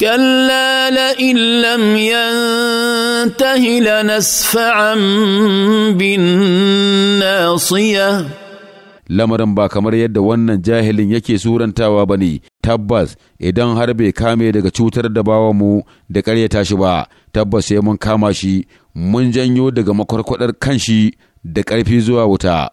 كلا لئن لم ينته لنسفعا بالناصية lamarin ba kamar yadda wannan jahilin yake surantawa ba ne tabbas idan har bai kame daga cutar da mu da ƙaryata shi ba tabbas sai mun kama shi mun janyo daga makwarkwadar kanshi da ƙarfi zuwa wuta